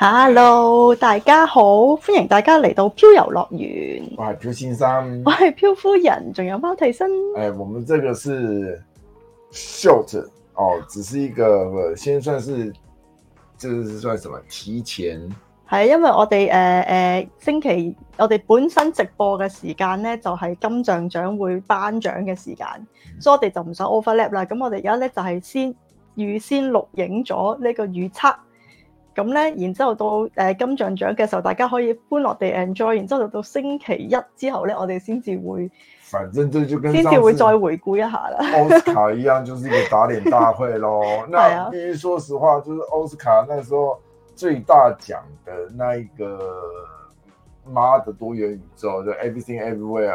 Hello，大家好，歡迎大家嚟到漂遊樂園。我係漂先生，我係漂夫人，仲有貓替身。誒、欸，我們這個是 short 哦，只是一個、呃、先算是，就是算什麼提前。係，因為我哋誒誒星期，我哋本身直播嘅時間咧就係、是、金像獎會頒獎嘅時間、嗯，所以我哋就唔想 overlap 啦。咁我哋而家咧就係先預先錄影咗呢個預測。咁咧，然之後到誒金像獎嘅時候，大家可以歡樂地 enjoy，然之後就到星期一之後咧，我哋先至會，反正就先至會再回顧一下啦。奧斯卡一樣，就是一個打臉大會咯。 那必須 說實話，就是奧斯卡那時候最大獎的那一個，媽的多元宇宙就 everything everywhere。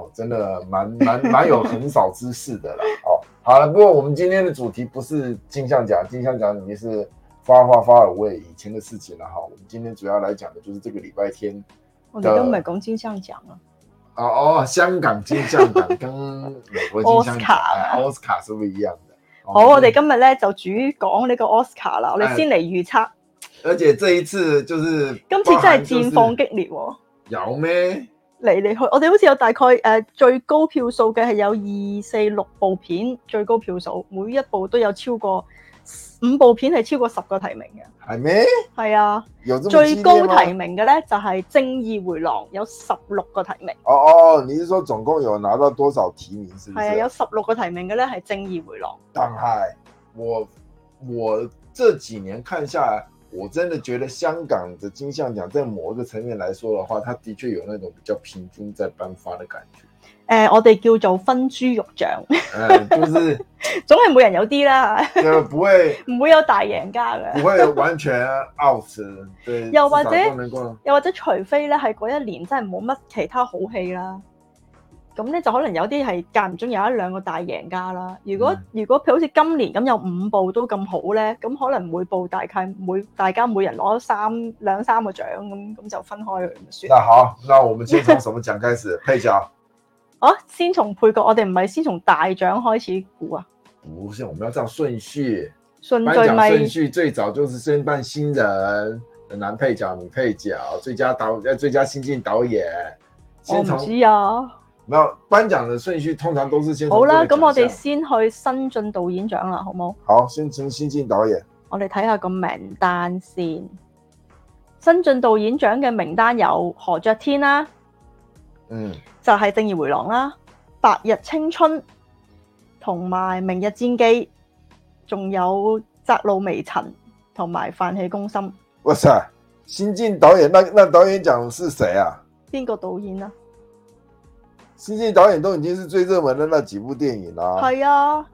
哦、真的蠻蠻蠻有很少知識的啦， 哦，好了，不過我們今天的主題不是金像獎，金像獎已經是發發發位以前的事情啦，哈，我們今天主要來講的就是這個禮拜天的我的美國金像獎啊，啊哦，哦，香港金像獎跟美國金像獎奧斯卡是不是一樣的，好，嗯、我哋今日呢就主講呢個奧斯卡啦，我哋先嚟預測，而且這一次就是今次真係，就是，戰況激烈，哦，有咩？嚟嚟去，我哋好似有大概誒、呃、最高票數嘅係有二四六部片最高票數，每一部都有超過五部片係超過十個提名嘅，係咩？係啊，最高提名嘅咧就係、是《正義迴廊》，有十六個提名。哦哦，你是說總共有拿到多少提名是是？係啊，有十六個提名嘅咧，係《正義迴廊》。但係我我這幾年看下。我真的覺得香港的金像獎，在某一個層面來說的話，它的確有那種比較平均在頒發的感覺。誒、呃，我哋叫做分豬肉獎，誒、 呃，就是總係每人有啲啦，就唔會唔會有大贏家嘅，唔 會完全 out，對。又或者，又或者，除非咧係嗰一年真係冇乜其他好戲啦。咁咧就可能有啲係間唔中有一兩個大贏家啦。如果、嗯、如果佢好似今年咁有五部都咁好咧，咁可能每部大概每大家每人攞三兩三個獎咁，咁就分開就算。那好，那我們先從什麼獎開始？ 配角，啊配角啊。哦，先從配角，我哋唔係先從大獎開始估啊？唔係，我們要照順序。順序順序，序，最早就是先辦新人、男配角、女配角、最佳導、最佳新晉導演。先從。我唔知啊。咁頒獎嘅順序，通常都是先好啦。咁我哋先去新晉導演獎啦，好冇？好，先從新晉導演。我哋睇下個名單先。新晉導演獎嘅名單有何爵天啦、啊，嗯，就係、是《正義回廊》啦，《白日青春》同埋《明日戰記》，仲有《窄路微塵》同埋《飯戲攻心》。哇塞，新晉導演，那那導演獎是誰啊？邊個導演啊？新晉導演都已經是最熱門的那幾部電影啦，係啊，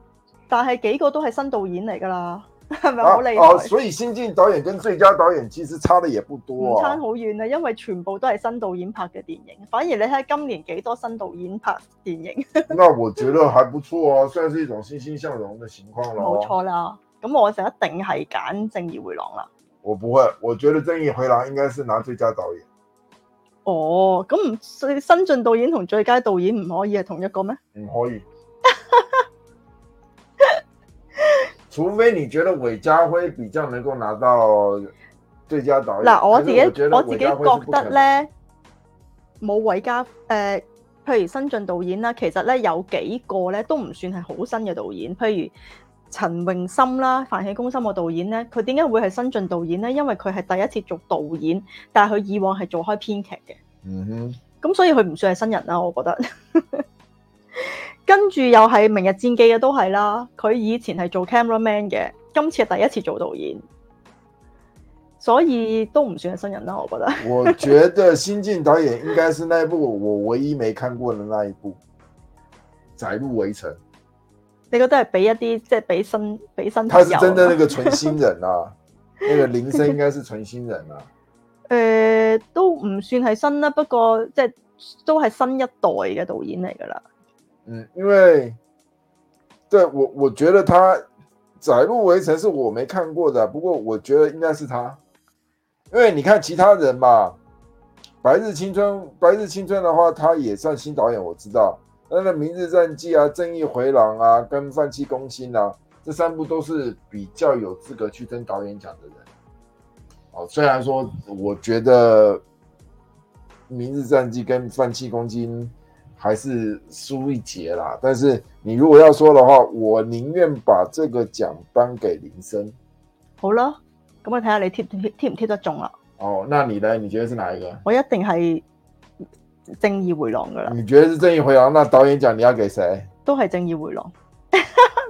但係幾個都係新導演嚟噶啦，係咪好厲害？啊啊，所以新晉導演跟最佳導演其實差得也不多啊，唔差好遠啊，因為全部都係新導演拍嘅電影，反而你睇今年幾多新導演拍電影，那我覺得還不錯啊，算是一種欣欣向榮的情況咯，冇錯啦。咁我就一定係揀正義迴廊啦，我不會，我覺得正義迴廊應該是拿最佳導演。哦，咁唔新晉導演同最佳導演唔可以係同一個咩？唔可以， 除非你覺得韋家輝比較能夠拿到最佳導演。嗱，我自己覺得我自己覺得咧，冇韋家誒、呃，譬如新晉導演啦，其實咧有幾個咧都唔算係好新嘅導演，譬如。陳詠燊啦，飯戲攻心個導演咧，佢點解會係新晉導演咧？因為佢係第一次做導演，但係佢以往係做開編劇嘅。嗯哼，咁所以佢唔算係新人啦，我覺得。 跟住又係明日戰記嘅都係啦。佢以前係做 camera man 嘅，今次係第一次做導演，所以都唔算係新人啦，我覺得。 我覺得新晉導演應該是那一部我唯一沒看過的那一部《窄路圍城》。你覺得係俾一啲即係俾新俾新他是真的那個純新人啊， 那個林生應該是純新人啊，誒、呃，都唔算係新啦，不過即係都係新一代嘅導演嚟噶啦。嗯，因為即係我我覺得他《窄路微塵》是我沒看過的，不過我覺得應該是他，因為你看其他人嘛，白《白日青春》《白日青春》的話，他也算新導演，我知道。那個《明日戰記》啊，《正義迴廊》啊，跟《飯戲攻心》啊，這三部都是比較有資格去爭導演獎的人。哦，雖然說我覺得《明日戰記》跟《飯戲攻心》還是輸一截啦，但是你如果要說的話，我寧願把這個獎頒給林生。好咯，咁我睇下你貼貼貼唔貼得中啦，啊。哦，那你呢？你覺得是哪一個？我一定係。正義迴廊㗎喇，你覺得是正義迴廊？那導演獎你要給誰？都係正義迴廊，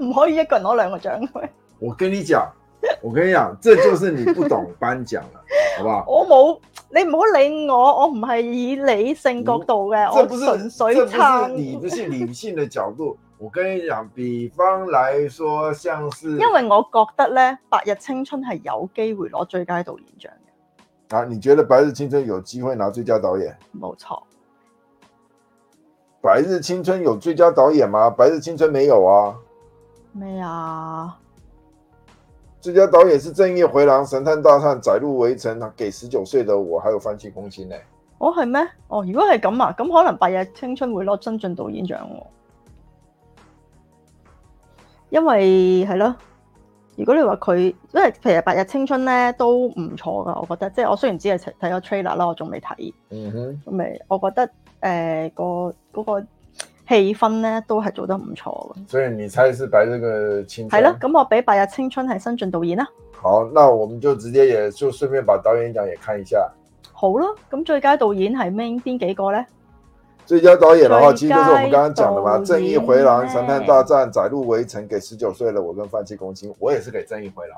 唔 可以一個人攞兩個獎嘅。我跟你講， 我跟你講，這就是你不懂頒獎啦， 好不好？我冇，你唔好理我，我唔係以理性角度嘅。這不是，不這不是你，不是理性嘅角度。我跟你講，比方來說，像是因為我覺得咧，《白日青春》係有機會攞最佳導演獎嘅。啊，你覺得《白日青春》有機會拿最佳導演？冇錯。白日青春有最佳導演嗎？白日青春沒有啊，咩啊？最佳導演是正義迴廊、神探大戰、窄路微塵，給十九歲的我還有飯戲攻心呢。哦係咩？哦，如果係咁啊，咁可能白日青春會攞新晉導演獎喎。因為係咯，如果你話佢，因為其實白日青春咧都唔錯噶，我覺得，即係我雖然只係睇咗 trailer 啦，我仲未睇，嗯哼咁咪我覺得。誒、呃，那個、那個氣氛咧都係做得唔錯嘅。所以你猜是白日個青春係咯？咁我俾白日青春係新晉導演啦、啊。好，那我們就直接也就順便把導演獎也看一下。好咯，咁最佳導演係咩邊幾個咧？最佳導演嘅話，其實就是我們剛剛講嘅嘛，《正義迴廊》、《神探大戰》、《窄路圍城》、《給十九歲的我》跟《飯戲攻心》，我也是給《正義迴廊》。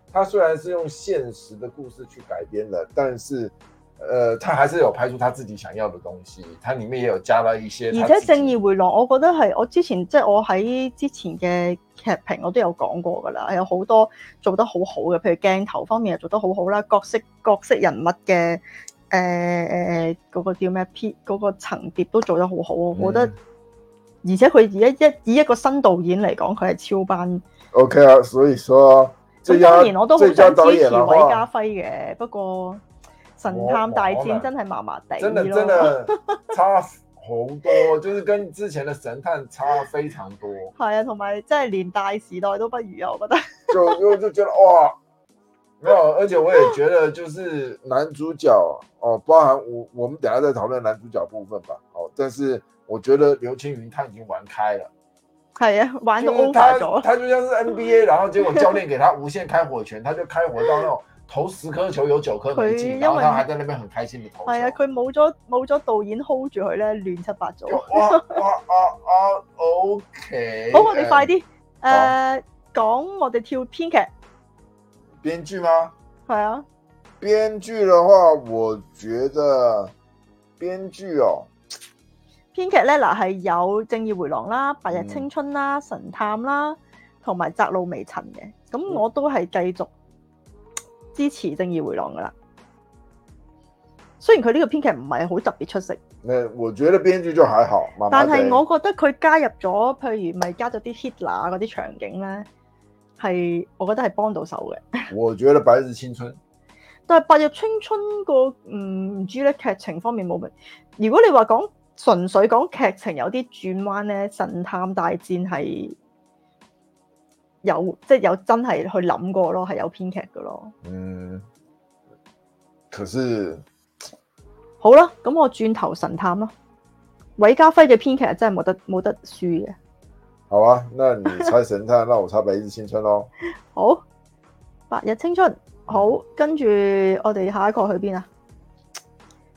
他雖然是用現實的故事去改編了，但是，呃，他還是有拍出他自己想要的東西。他裏面也有加了一些。而且正義回廊，我覺得係我之前即係我喺之前嘅劇評我都有講過噶啦，有好多做得好好嘅，譬如鏡頭方面又做得好好啦，角色角色人物嘅誒嗰個叫咩？P 嗰個層疊都做得好好，我覺得。嗯，而且佢而家一以一個新導演嚟講，佢係超班。Okay 啊，所以說啊。咁當然我都好想支持韋家輝嘅，不過《神探大戰》真係麻麻地咯，真係差好多， 就是跟之前的神探差非常多。係 啊，同埋真係連《大時代》都不如啊，我覺得就就就覺得哇，沒有，而且我也覺得就是男主角哦， 包含我，我們等一下再討論男主角部分吧。好，但是我覺得劉青雲他已經玩開了。係啊，玩到 over 咗。佢就是，他他就像是 NBA， 然後結果教練給他無限開火權， 他就開火到嗰種投十顆球有九顆沒進，然後他還在那邊很開心噉嚟投。係啊，佢冇咗冇咗導演 hold 住佢咧，亂七八糟。我我我 OK。好，嗯嗯 uh, 我哋快啲誒講，我哋跳編劇。編劇嗎？係啊。編劇嘅話，我覺得編劇哦。編劇咧，嗱，係有正義迴廊啦、白日青春啦、嗯、神探啦，同埋窄路微塵嘅，咁我都係繼續支持正義迴廊噶啦。雖然佢呢個編劇唔係好特別出色。誒，我覺得編劇就還好，但係我覺得佢加入咗，譬如咪加咗啲 Hitler 嗰啲場景咧，係我覺得係幫到手嘅。 我覺得白日青春，但係白日青春個嗯唔知咧，劇情方面冇明。如果你話講。純粹講劇情有啲轉彎咧，神探大戰係有即係、就是、有真係去諗過咯，係有編劇噶咯。嗯，可是好啦，咁我轉頭神探咯，韋家輝嘅編劇真係冇得冇得輸嘅。好啊，那你猜神探， 那我猜《白日青春》咯。好，《白日青春》好，跟住我哋下一個去邊啊？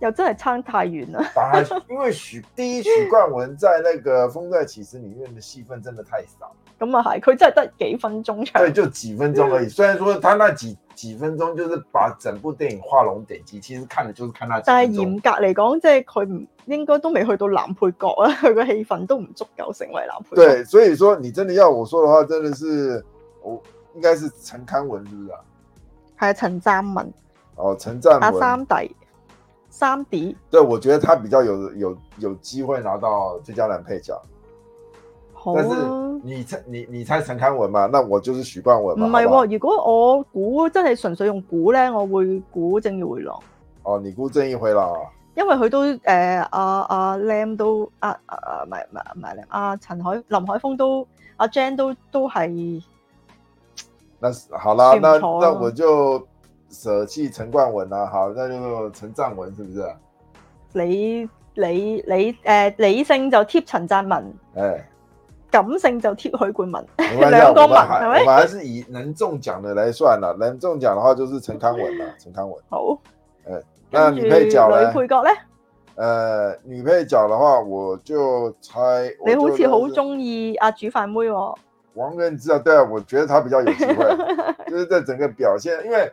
又真係差太遠啦！因為許，第一，許冠文在那個《風再起時》裡面嘅戲份真的太少。咁啊係，佢真係得幾分鐘出。對，就幾分鐘而已。雖然說他那幾幾分鐘就是把整部電影畫龍點睛，其實看的就是看那幾分鐘。但係嚴格嚟講，即係佢唔應該都未去到男配角啊！佢個戲份都唔足夠成為男配角。對，所以說你真的要我說的話，真的是我應該是陳康文，是不是啊？係啊，陳湛文。哦，陳湛文阿、啊、三弟。三 d 對我覺得他比較有有有機會拿到最佳男配角。但、啊、是你猜你你猜陳凱文嘛？那我就是許冠文。唔係喎，如果我估真係純粹用估咧，我會估正義迴廊咯。哦，你估正義迴廊啦？因為佢都誒阿阿 Lam 都阿阿唔係唔係唔係阿陳海林海峰都阿 Jane、啊啊啊、都都係。那好啦，那那我就。捨棄陳冠文啦、啊，好，那就陳湛文，是不是、啊？你，你，你，誒、呃，理性就貼陳湛文，誒、欸，感性就貼許冠文。兩、啊、個嘛，係咪？我，還是，我還是以能中獎的來算啦，能中獎的話就是陳康文啦、啊，陳 康文。好，誒、欸，那女配角咧？女配角咧？誒，女配角的話，我就猜，你好似好中意阿煮飯妹哦，王菀之啊，對啊，我覺得他比較有機會， 就是在整個表現，因為。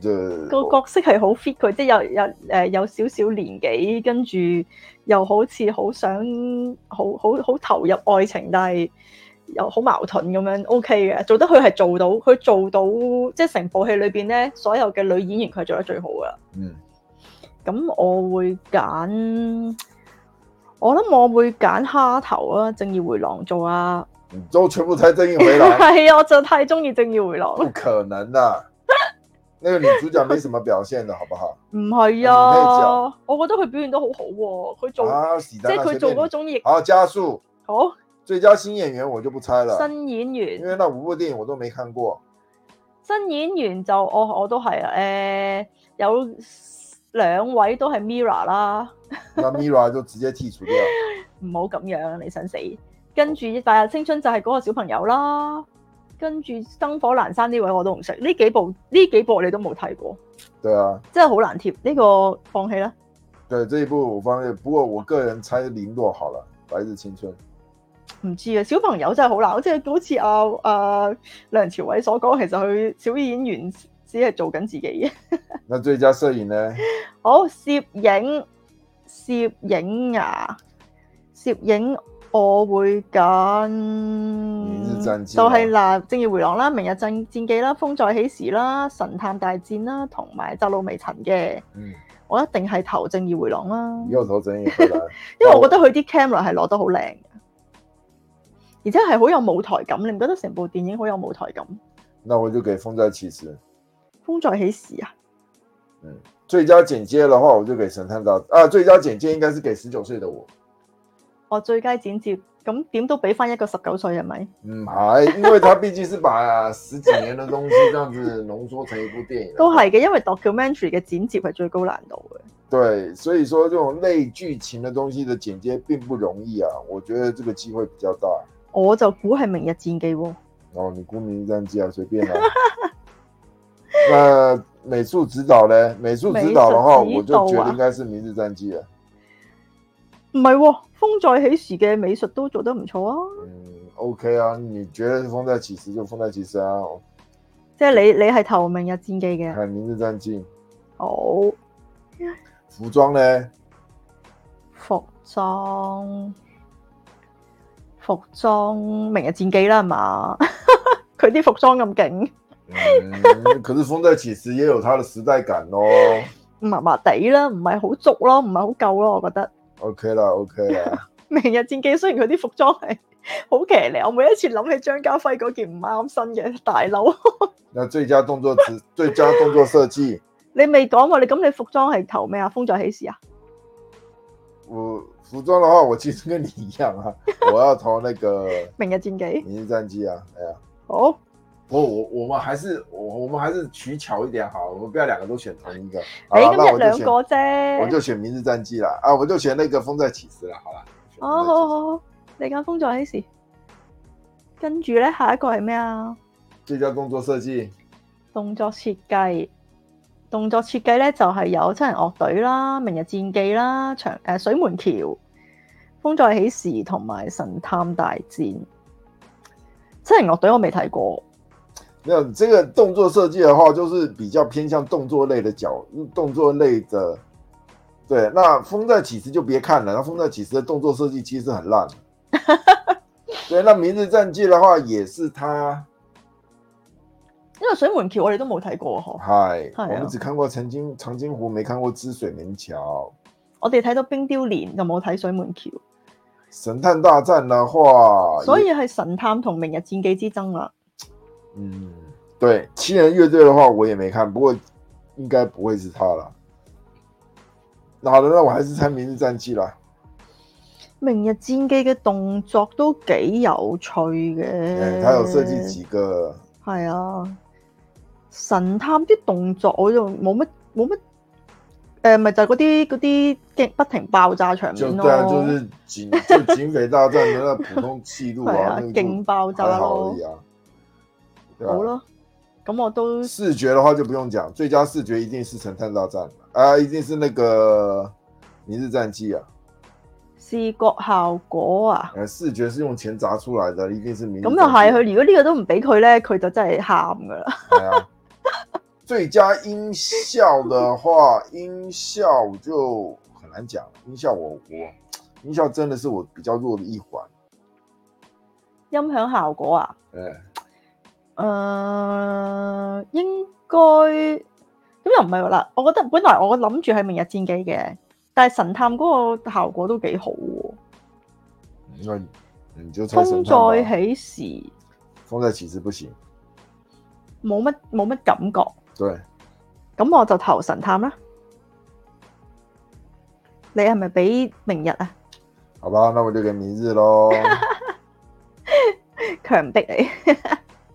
個角色係好 fit 佢，即係有有誒有少少年紀，跟住又好似好想好好好投入愛情，但係又好矛盾咁樣。O K 嘅，做得佢係做到，佢做到即係成部戲裏邊咧，所有嘅女演員佢係做得最好噶。嗯，咁我會揀，我諗我會揀蝦頭啊，正義迴廊做啊，做全部睇正義迴廊，係 啊，我就太中意正義迴廊，不可能啦、啊。那個女主角沒什麼表現的， 好不好？唔係啊、那個，我覺得佢表現得好好、啊、喎，佢做即係佢做嗰種役。好加速，好最佳新演員我就不猜了。新演員，因為那五部電影我都沒看過。新演員就我我都係啊，誒、呃、有兩位都係 Mirror 啦，那 Mirror 就直接剔除掉。唔好咁樣，你想死？跟住《白日青春》就係嗰個小朋友啦。跟住燈火闌珊呢位我都唔識，呢幾部呢幾部你都冇睇過。對啊，真係好難貼。呢個放棄啦。對，這一部我放棄，不過我個人猜林洛好啦，白日青春。唔知啊，小朋友真係好難，即係好似啊，阿，啊，梁朝偉所講，其實佢小演員只係做緊自己嘅。 那最佳攝影呢？好攝影，攝影啊，攝影。我會揀就係嗱《正義回廊》啦，《明日戰戰記》啦，《風再起時》啦，《神探大戰》啦，同埋《窄路微塵》嘅，我一定係投《正義回廊》啦。 因為我覺得佢啲 camera 係攞得好靚，而且係好有舞台感。你唔覺得成部電影好有舞台感？那我就給風《風再起時》。《風再起時》啊，嗯，最佳剪接嘅話，我就給《神探大》大啊，最佳剪接應該是給十九歲的我。哦，最佳剪接咁點都俾翻一個十九歲係咪？嗯，係，因為他畢竟是把、啊、 十幾年的東西，這樣子濃縮成一部電影。都係嘅，因為 documentary 嘅剪接係最高難度嘅。對，所以說這種類劇情嘅東西嘅剪接並不容易啊，我覺得這個機會比較大。我就估係明日戰記喎，哦。哦，你估明日戰記啊？隨便啦，啊。 那美術指導咧，美術指導嘅話導，啊，我就覺得應該是明日戰記啊。唔係、哦，風再起時嘅美術都做得唔錯啊。嗯，OK 啊，你覺得風再起時就風再起時啊。即係你你係投明日戰記嘅，係明日戰記。好，服裝咧，服裝，服裝，明日戰記啦係嘛？佢 啲服裝咁勁。嗯，可是風再起時也有佢嘅時代感咯。麻麻地啦，唔係好足咯，唔係好夠咯，我覺得。O K 啦，O K 啦。明日戰記雖然佢啲服裝係好騎呢，我每一次諗起張家輝嗰件唔啱身嘅大褸。那最佳動作指，最佳動作設計 。你未講喎，你咁你服裝係投咩啊？風再起時啊？我服裝嘅話，我其實跟你一樣啊，我要投那個明日戰記啊。 明日戰記啊，係呀。好。我我我們還是我我們還是取巧一點好，我們不要兩個都選同一個。誒，咁、啊、就兩個啫。我就選明日戰記啦。啊，我就選那個風再起時啦。好啦。哦，好好好，你揀風再起時。跟住咧，下一個係咩啊？最佳動作設計。動作設計，動作設計咧就係、是、有七人樂隊啦、明日戰記啦、長誒、呃、水門橋、風再起時同埋神探大戰。七人樂隊我未睇過。這個動作設計的話，就是比較偏向動作類的角，動作類的。對，那《風再起時》就別看了，那《風再起時》的動作設計其實很爛。 對，那《明日戰記》的話，也是他因為水門橋我都沒看過，我哋都冇睇過呵。係、啊、我們只看過《曾經長津湖》，沒看過《之水門橋》。我哋睇到冰雕連，就冇睇水門橋。神探大戰的話，所以係神探同《明日戰記》之爭啦。嗯。對七人樂隊的話我也沒看，不過應該不會是他啦。那好啦，我還是猜明日戰記啦。明日戰記嘅動作都幾有趣嘅。誒，佢有設計幾個？係啊，神探啲動作我、呃、就冇乜冇乜，誒，咪就係嗰啲嗰啲驚不停爆炸場面咯。就對啊，就是警警匪大戰，嗰 啲普通氣度啊，啊度，勁爆炸咯，好咯。咁我都視覺嘅話就不用講，最佳視覺一定是《神探大戰》啊、呃，一定是那個《明日戰記》啊，視覺效果啊，誒、呃，視覺是用錢砸出來的，一定是明日戰記。咁又係佢，如果呢個都唔俾佢咧，佢就真係喊噶啦。係啊，最佳音效嘅話，音效就很難講，音效我我，音效真的是我比較弱的一環。音響效果啊？誒、欸。誒、呃，應該咁又唔係啦。我覺得本來我諗住係明日戰記嘅，但係神探嗰個效果都幾好、啊。因為你、啊、風再起時，風再起時不行，冇乜冇乜感覺。對，咁我就投神探啦。你係咪俾明日啊？好吧，那我就俾明日咯。強 逼迫你。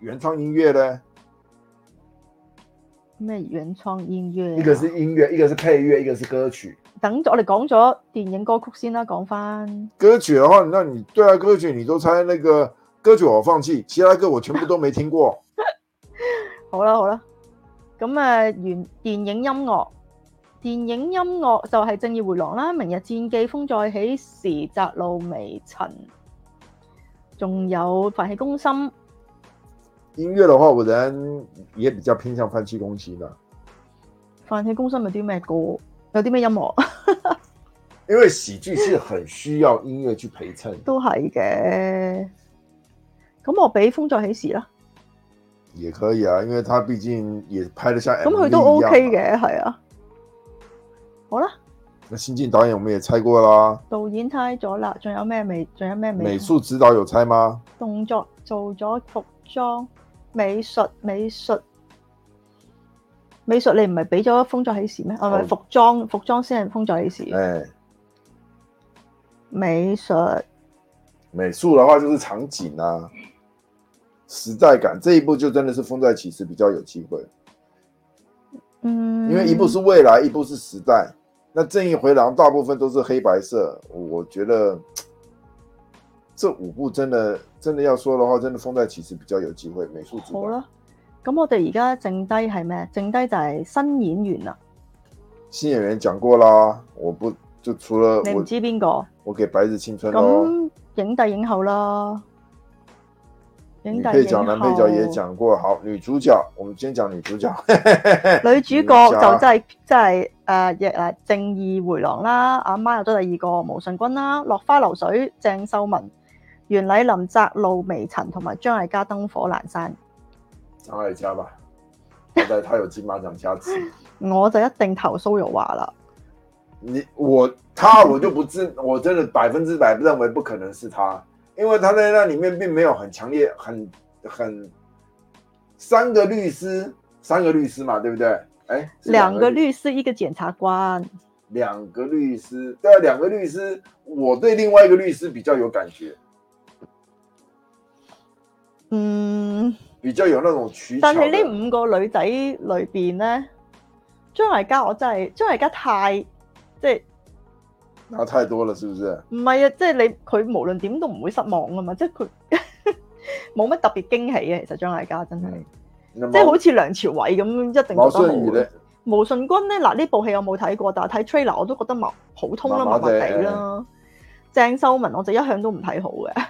原創音樂咧咩？原創音樂，一個是音樂，一個是配樂，一個是歌曲。等咗我哋講咗電影歌曲先啦，講返歌曲嘅話，那你對啊，歌曲你都猜那個歌曲，我放棄，其他歌我全部都沒聽過。 好啦好啦，咁啊，原電影音樂，電影音樂就係正義回廊啦，明日戰記風再起時露，窄路微塵，仲有飯戲攻心。音樂嘅話，我人也比較偏向飯戲攻心啦。飯戲攻心有啲咩歌？有啲咩音樂？因為喜劇是很需要音樂去陪襯。都係嘅。咁我俾《風再起時》啦。也可以啊，因為他畢竟也拍得上。咁佢都 OK 嘅，係啊。好啦。那新晉導演，我們也猜過啦。導演猜咗啦，仲有咩未？仲有咩未？美術指導有猜嗎？動作做咗，服裝。美術美術美術，你唔係俾咗風再起時咩？係咪服裝服裝先係風再起時？美術美術嘅、啊哦哎、話，就是場景啊，時代感。這一步就真的是風再起時比較有機會。嗯，因為一部是未來，一部是時代。那正義回廊大部分都是黑白色，我覺得。這五部真的真的要說的話，真的風再其實比較有機會。美術好啦，咁我哋而家剩低係咩？剩低就係新演員啦。新演員講過啦，我不就除了你唔知邊個，我給《白日青春》咯。咁影帝影後啦，影帝影後配角男配角也講過，影影好女主角，我們先講女主角。 女主角就真係誒，亦誒、呃《正義回廊》啦，阿媽有咗第二個毛舜筠啦，《落花流水》鄭秀文。袁澧林，窄路微塵，同埋張艾嘉燈火闌珊。張艾嘉吧，就係他有金馬獎加持。 我就一定投蘇玉華啦。你我他，我就不知，我真的百分之百認為不可能是他，因為他在那裏面並沒有很強烈，很很三個律師，三個律師嘛，對不對？哎、欸，兩個律師，一個檢察官，兩個律師對、啊，兩個律師。我對另外一個律師比較有感覺。嗯，比較有那種，但係呢五個女仔裏邊咧，張艾嘉我真係張艾嘉太即係，嗱，太多了，是不是？唔係啊，即係你佢無論點都唔會失望啊嘛，即係佢冇乜特別驚喜嘅。 其實張艾嘉真係、嗯，即係好似梁朝偉咁一,一定覺得毛呢，毛舜筠呢？嗱、啊，呢部戲我冇睇過，但係睇 trailer 我都覺得好普通啦，麻麻地啦。鄭秀、欸、文我就一向都唔睇好嘅。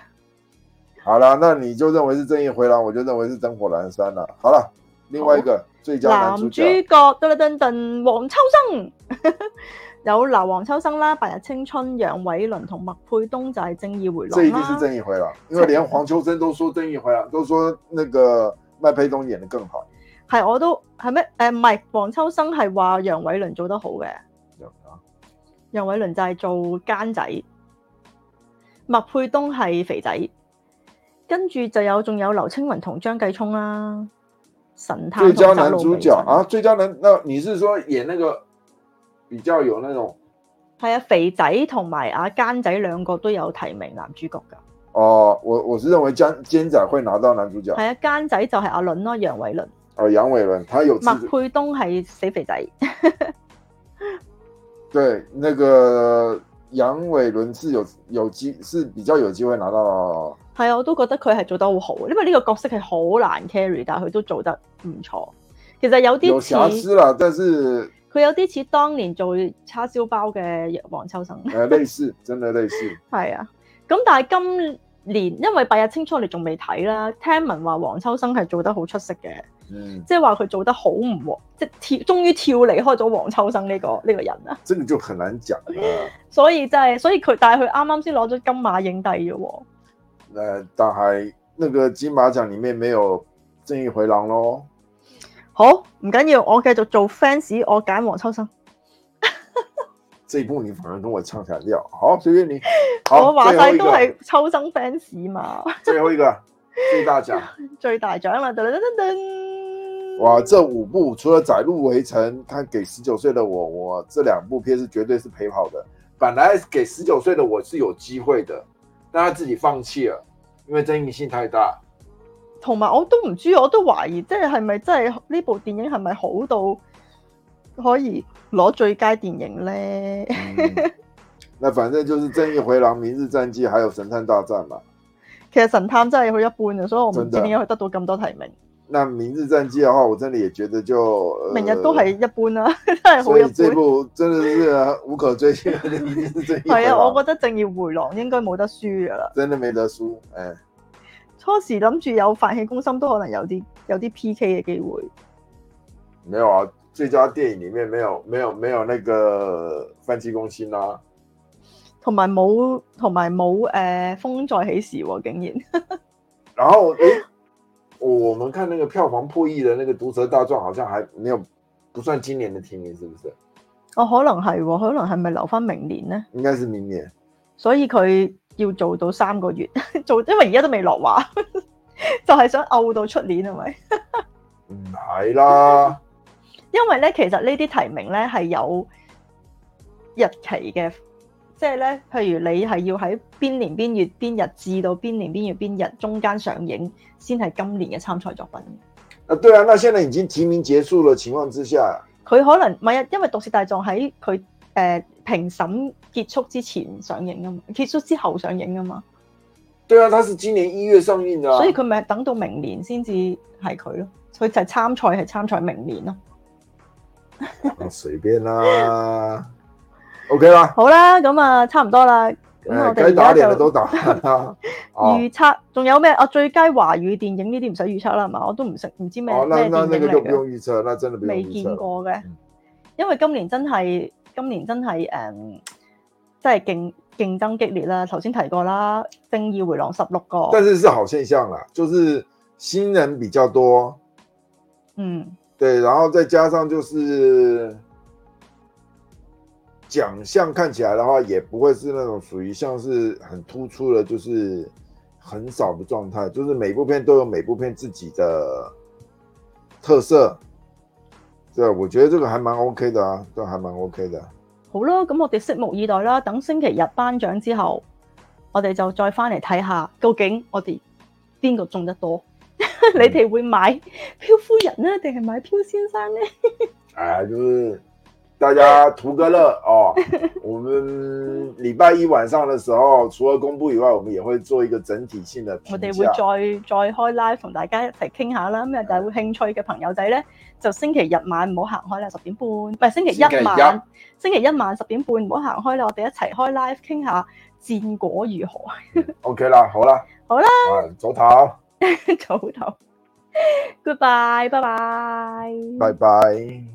好啦，那你就認為是正義回廊，我就認為是燈火闌珊啦。好啦，另外一個、哦、最佳男主角，男主角噔噔黃秋生 有劉黃秋生啦，白日青春楊偉倫同麥佩東就係正義回廊啦。這已經是正義回廊，因為連黃秋生都說正義回廊，都說那個麥佩東演得更好。係我都係咩？誒唔係黃秋生係話楊偉倫做得好嘅，楊偉倫就係做奸仔，麥佩東係肥仔。跟住就有，仲有劉青雲同張繼聰啦。神探最佳男主角啊！最佳男，那你是說演那個比較有那種？係啊，肥仔同埋阿奸仔兩個都有提名男主角㗎。哦，我我是認為奸仔會拿到男主角。係啊，奸仔就係阿倫咯，楊偉倫。哦，楊偉倫，他有麥佩東係死肥仔。 對，那個楊偉倫是有有機是比較有機會拿到。好好係啊，我都覺得佢係做得好好，因為呢個角色係好難 carry，但係佢都做得唔錯。其實有啲似，有瑕疵啦，但是佢有啲似當年做叉燒包嘅黃秋生。誒，類似，真係類似。係啊，咁但係今年，因為《白日青春》你仲未睇啦，聽聞話黃秋生係做得好出色嘅，即係話佢做得好唔即跳，終於跳離開咗黃秋生呢個呢個人啊。呢個就很難講。所以真係，所以佢但係佢啱啱先攞咗金馬影帝啫。誒、呃，但係那個金馬獎裏面沒有正義回廊咯。好，唔緊要，我繼續做 fans，我揀黃秋生。 這一部你反而同我唱反調，好，隨便你。好，我話晒都係秋生 fans 嘛。 最後一個最大獎，最大獎啦！ 噔噔噔噔。哇，這五部除了圍《窄路微塵》，他給十九歲的我，我這兩部片是絕對是陪跑的。本來給十九歲的我是有機會的。大家自己放棄啊，因為爭議性太大。同埋我都唔知，我都懷疑，即係係咪真係呢部電影係咪好到可以攞最佳電影咧，嗯？那反正就是《正義回廊》 《明日戰記》，還有《神探大戰》嘛。其實《神探》真係好一般啊，所以我唔知點解佢得到咁多提名。那明日戰記嘅話，我真的也覺得就、呃、明日都係一般啦、啊，真係好一般。所以這部真的是無可追進，係 啊， 啊，我覺得正義迴廊應該冇得輸噶啦，真的冇得輸。誒、哎，初時諗住有飯戲攻心都可能有啲有啲 P K 嘅機會，沒有啊，最佳電影裏面沒有沒有沒有那個飯戲攻心啦、啊，同埋冇同埋冇誒風再起時、哦、竟然，嗱 我。欸哦、我們看那個票房破億的那個《毒舌大狀》，好像還沒有不算今年的提名，是不是？哦，可能係、哦，可能係咪留翻明年呢？應該是明年，所以佢要做到三個月做，因為而家都未落畫， 就係想漚到出年係咪？唔係 啦，因為咧，其實呢啲提名咧係有日期嘅。.即係咧，譬如你係要喺邊年邊月邊日至到邊年邊月邊日中間上映，先係今年嘅參賽作品。啊，對啊，那現在已經提名結束嘅情況之下，佢可能係啊，因為《毒舌大狀》喺佢誒評審結束之前上映啊嘛，結束之後上映啊嘛。對啊，他是今年一月上映噶、啊，所以佢咪等到明年先至係佢咯，佢就係參賽係參賽明年咯。我 隨便啦、啊。O K 啦，好啦，咁啊，差唔多啦。咁我哋你都打。 預測，仲有咩？哦、啊，最佳華語電影呢啲唔使預測啦，係、哦、嘛？我都唔識，唔知咩好啦，嘅。哦，那的那，那個就不用預測啦，真係未見過嘅。因為今年真係，今年真係誒、嗯，真係競競爭激烈啦。頭先提過啦，正義迴廊十六個。但是是好現象啦，就是新人比較多。嗯，對，然後再加上就是。獎項看起來的話，也不會是那種屬於像是很突出的，就是很少的狀態，就是每部片都有每部片自己的特色，對，我覺得這個還蠻 OK 的啊，都、這個、還蠻 OK 的。好啦，咁我哋拭目以待啦，等星期日頒獎之後，我哋就再翻嚟睇下，究竟我哋邊個中得多，嗯、 你哋會買漂夫人呢、啊，定係買漂先生呢？係 啊、哎，都、就是。大家圖個樂哦！我們禮拜一晚上的時候， 除了公布以外，我們也會做一個整體性的評價。我哋會再再開 live 同大家一齊傾下啦。咁有興趣嘅朋友仔咧，就星期日晚唔好行開啦，十點半，唔係星期一晚，星期一，星期一晚十點半唔好行開啦。我哋一齊開 live 傾下戰果如何 ？OK 啦，好啦，好啦、啊，早唞！ 早唞，Goodbye，拜拜，拜拜。